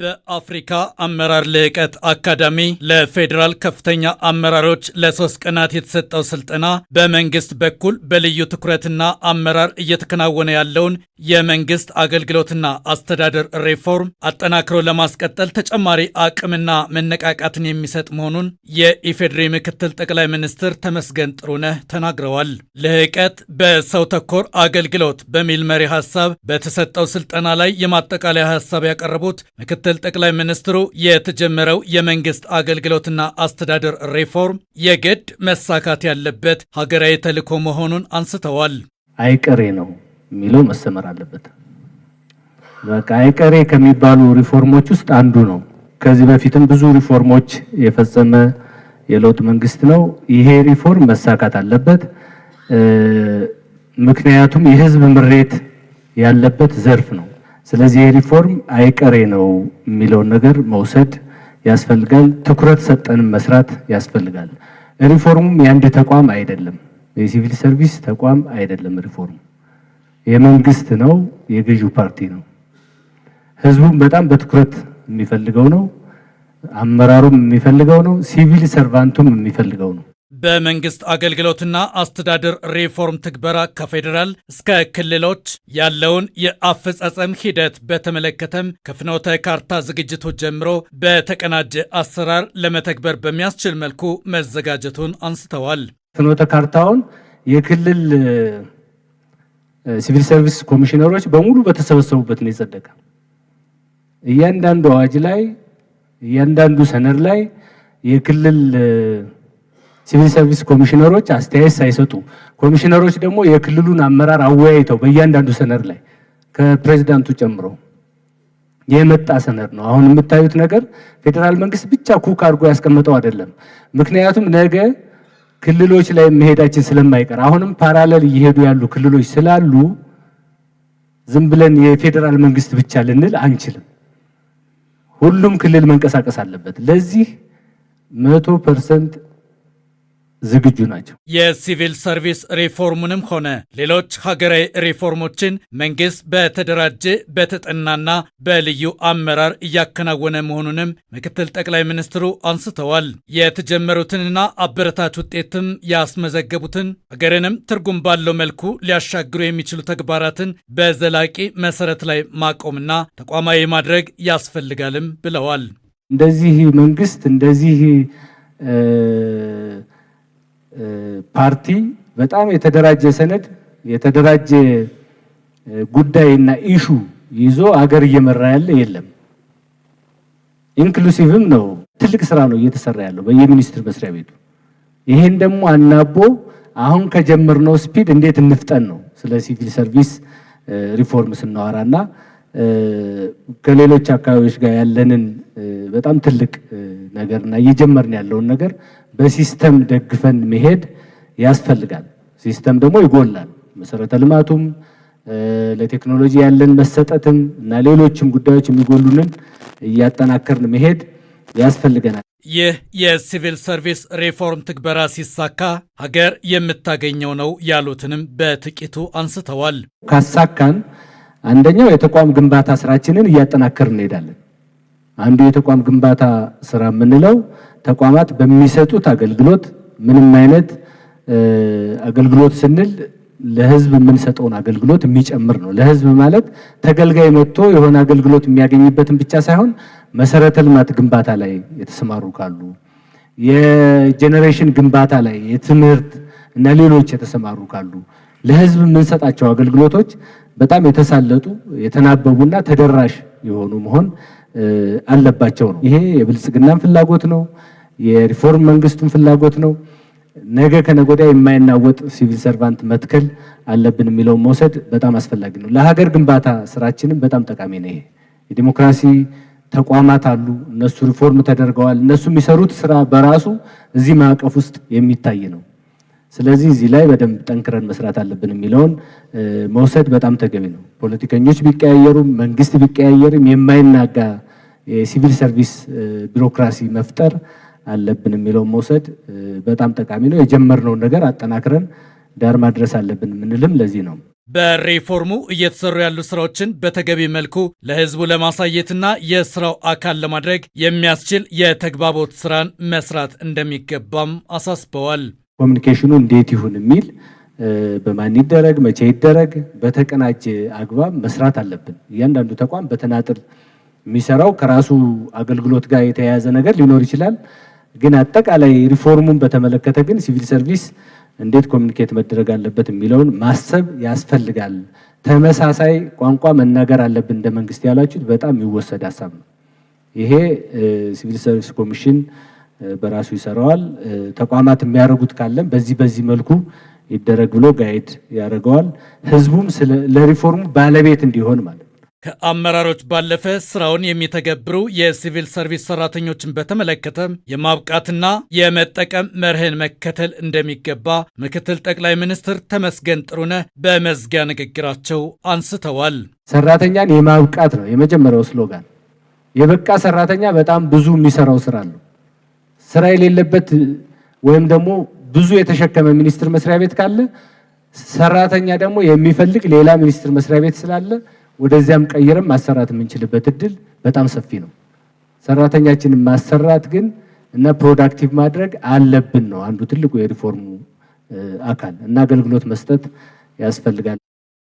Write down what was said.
በአፍሪካ አመራር ልዕቀት አካዳሚ ለፌዴራል ከፍተኛ አመራሮች ለሶስት ቀናት የተሰጠው ስልጠና በመንግስት በኩል በልዩ ትኩረትና አመራር እየተከናወነ ያለውን የመንግስት አገልግሎትና አስተዳደር ሪፎርም አጠናክሮ ለማስቀጠል ተጨማሪ አቅምና መነቃቃትን የሚሰጥ መሆኑን የኢፌዴሪ ምክትል ጠቅላይ ሚኒስትር ተመስገን ጥሩነህ ተናግረዋል። ልዕቀት በሰው ተኮር አገልግሎት በሚል መሪ ሀሳብ በተሰጠው ስልጠና ላይ የማጠቃለያ ሀሳብ ያቀረቡት ምክትል ምክትል ጠቅላይ ሚኒስትሩ የተጀመረው የመንግስት አገልግሎትና አስተዳደር ሪፎርም የግድ መሳካት ያለበት ሀገራዊ ተልዕኮ መሆኑን አንስተዋል። አይቀሬ ነው የሚለው መሰመር አለበት። በቃ አይቀሬ ከሚባሉ ሪፎርሞች ውስጥ አንዱ ነው። ከዚህ በፊትም ብዙ ሪፎርሞች የፈጸመ የለውጥ መንግስት ነው። ይሄ ሪፎርም መሳካት አለበት። ምክንያቱም የህዝብ ምሬት ያለበት ዘርፍ ነው። ስለዚህ ሪፎርም አይቀሬ ነው የሚለውን ነገር መውሰድ ያስፈልጋል። ትኩረት ሰጠን መስራት ያስፈልጋል። ሪፎርሙም የአንድ ተቋም አይደለም፣ የሲቪል ሰርቪስ ተቋም አይደለም። ሪፎርሙ የመንግስት ነው፣ የገዢው ፓርቲ ነው። ህዝቡም በጣም በትኩረት የሚፈልገው ነው። አመራሩም የሚፈልገው ነው። ሲቪል ሰርቫንቱም የሚፈልገው ነው። በመንግስት አገልግሎትና አስተዳደር ሪፎርም ትግበራ ከፌዴራል እስከ ክልሎች ያለውን የአፈጻጸም ሂደት በተመለከተም ከፍኖተ ካርታ ዝግጅቱ ጀምሮ በተቀናጀ አሰራር ለመተግበር በሚያስችል መልኩ መዘጋጀቱን አንስተዋል። ፍኖተ ካርታውን የክልል ሲቪል ሰርቪስ ኮሚሽነሮች በሙሉ በተሰበሰቡበት ነው የጸደቀ። እያንዳንዱ አዋጅ ላይ፣ እያንዳንዱ ሰነድ ላይ የክልል ሲቪል ሰርቪስ ኮሚሽነሮች አስተያየት ሳይሰጡ ኮሚሽነሮች ደግሞ የክልሉን አመራር አወያይተው በእያንዳንዱ ሰነድ ላይ ከፕሬዚዳንቱ ጨምሮ የመጣ ሰነድ ነው። አሁን የምታዩት ነገር ፌዴራል መንግስት ብቻ ኩክ አድርጎ ያስቀምጠው አይደለም። ምክንያቱም ነገ ክልሎች ላይ መሄዳችን ስለማይቀር አሁንም ፓራለል እየሄዱ ያሉ ክልሎች ስላሉ ዝም ብለን የፌዴራል መንግስት ብቻ ልንል አንችልም። ሁሉም ክልል መንቀሳቀስ አለበት። ለዚህ መቶ ፐርሰንት ዝግጁ ናቸው። የሲቪል ሰርቪስ ሪፎርሙንም ሆነ ሌሎች ሀገራዊ ሪፎርሞችን መንግስት በተደራጀ በተጠናና በልዩ አመራር እያከናወነ መሆኑንም ምክትል ጠቅላይ ሚኒስትሩ አንስተዋል። የተጀመሩትንና አበረታች ውጤትም ያስመዘገቡትን ሀገርንም ትርጉም ባለው መልኩ ሊያሻግሩ የሚችሉ ተግባራትን በዘላቂ መሰረት ላይ ማቆምና ተቋማዊ ማድረግ ያስፈልጋልም ብለዋል። እንደዚህ መንግስት እንደዚህ ፓርቲ በጣም የተደራጀ ሰነድ የተደራጀ ጉዳይና ኢሹ ይዞ አገር እየመራ ያለ የለም። ኢንክሉሲቭም ነው። ትልቅ ስራ ነው እየተሰራ ያለው በየሚኒስትር መስሪያ ቤቱ። ይሄን ደግሞ አናቦ አሁን ከጀመርነው ስፒድ እንዴት እንፍጠን ነው ስለ ሲቪል ሰርቪስ ሪፎርም ስናወራና ከሌሎች አካባቢዎች ጋር ያለንን በጣም ትልቅ ነገር እና እየጀመርን ያለውን ነገር በሲስተም ደግፈን መሄድ ያስፈልጋል። ሲስተም ደግሞ ይጎላል። መሰረተ ልማቱም ለቴክኖሎጂ ያለን መሰጠትም እና ሌሎችም ጉዳዮች የሚጎሉንን እያጠናከርን መሄድ ያስፈልገናል። ይህ የሲቪል ሰርቪስ ሪፎርም ትግበራ ሲሳካ ሀገር የምታገኘው ነው ያሉትንም በጥቂቱ አንስተዋል። ካሳካን አንደኛው የተቋም ግንባታ ስራችንን እያጠናከርን እንሄዳለን። አንዱ የተቋም ግንባታ ስራ የምንለው ተቋማት በሚሰጡት አገልግሎት ምንም አይነት አገልግሎት ስንል ለህዝብ የምንሰጠውን አገልግሎት የሚጨምር ነው። ለህዝብ ማለት ተገልጋይ መጥቶ የሆነ አገልግሎት የሚያገኝበትን ብቻ ሳይሆን መሰረተ ልማት ግንባታ ላይ የተሰማሩ ካሉ፣ የጄኔሬሽን ግንባታ ላይ፣ የትምህርት እና ሌሎች የተሰማሩ ካሉ ለህዝብ የምንሰጣቸው አገልግሎቶች በጣም የተሳለጡ የተናበቡና ተደራሽ የሆኑ መሆን አለባቸው ነው። ይሄ የብልጽግናን ፍላጎት ነው፣ የሪፎርም መንግስቱን ፍላጎት ነው። ነገ ከነጎዳ የማይናወጥ ሲቪል ሰርቫንት መትከል አለብን የሚለውን መውሰድ በጣም አስፈላጊ ነው። ለሀገር ግንባታ ስራችንም በጣም ጠቃሚ ነው። ይሄ የዲሞክራሲ ተቋማት አሉ፣ እነሱ ሪፎርም ተደርገዋል። እነሱ የሚሰሩት ስራ በራሱ እዚህ ማዕቀፍ ውስጥ የሚታይ ነው። ስለዚህ እዚህ ላይ በደንብ ጠንክረን መስራት አለብን የሚለውን መውሰድ በጣም ተገቢ ነው። ፖለቲከኞች ቢቀያየሩም መንግስት ቢቀያየርም የማይናጋ የሲቪል ሰርቪስ ቢሮክራሲ መፍጠር አለብን የሚለውን መውሰድ በጣም ጠቃሚ ነው። የጀመርነውን ነገር አጠናክረን ዳር ማድረስ አለብን የምንልም ለዚህ ነው። በሪፎርሙ እየተሰሩ ያሉ ስራዎችን በተገቢ መልኩ ለህዝቡ ለማሳየትና የስራው አካል ለማድረግ የሚያስችል የተግባቦት ስራን መስራት እንደሚገባም አሳስበዋል። ኮሚኒኬሽኑ እንዴት ይሁን የሚል በማን ይደረግ መቼ ይደረግ በተቀናጀ አግባብ መስራት አለብን። እያንዳንዱ ተቋም በተናጥል የሚሰራው ከራሱ አገልግሎት ጋር የተያያዘ ነገር ሊኖር ይችላል። ግን አጠቃላይ ሪፎርሙን በተመለከተ ግን ሲቪል ሰርቪስ እንዴት ኮሚኒኬት መደረግ አለበት የሚለውን ማሰብ ያስፈልጋል። ተመሳሳይ ቋንቋ መናገር አለብን እንደ መንግስት ያላችሁት በጣም የሚወሰድ ሀሳብ ነው። ይሄ ሲቪል ሰርቪስ ኮሚሽን በራሱ ይሰራዋል። ተቋማት የሚያደርጉት ካለም በዚህ በዚህ መልኩ ይደረግ ብሎ ጋይድ ያደርገዋል። ህዝቡም ለሪፎርሙ ባለቤት እንዲሆን ማለት ከአመራሮች ባለፈ ስራውን የሚተገብሩ የሲቪል ሰርቪስ ሰራተኞችን በተመለከተ የማብቃትና የመጠቀም መርህን መከተል እንደሚገባ ምክትል ጠቅላይ ሚኒስትር ተመስገን ጥሩነህ በመዝጊያ ንግግራቸው አንስተዋል። ሰራተኛን የማብቃት ነው የመጀመሪያው ስሎጋን። የበቃ ሰራተኛ በጣም ብዙ የሚሰራው ስራ ነው። ስራ የሌለበት ወይም ደግሞ ብዙ የተሸከመ ሚኒስቴር መስሪያ ቤት ካለ ሰራተኛ ደግሞ የሚፈልግ ሌላ ሚኒስቴር መስሪያ ቤት ስላለ ወደዚያም ቀይረም ማሰራት የምንችልበት እድል በጣም ሰፊ ነው። ሰራተኛችንን ማሰራት ግን እና ፕሮዳክቲቭ ማድረግ አለብን ነው አንዱ ትልቁ የሪፎርሙ አካል እና አገልግሎት መስጠት ያስፈልጋል።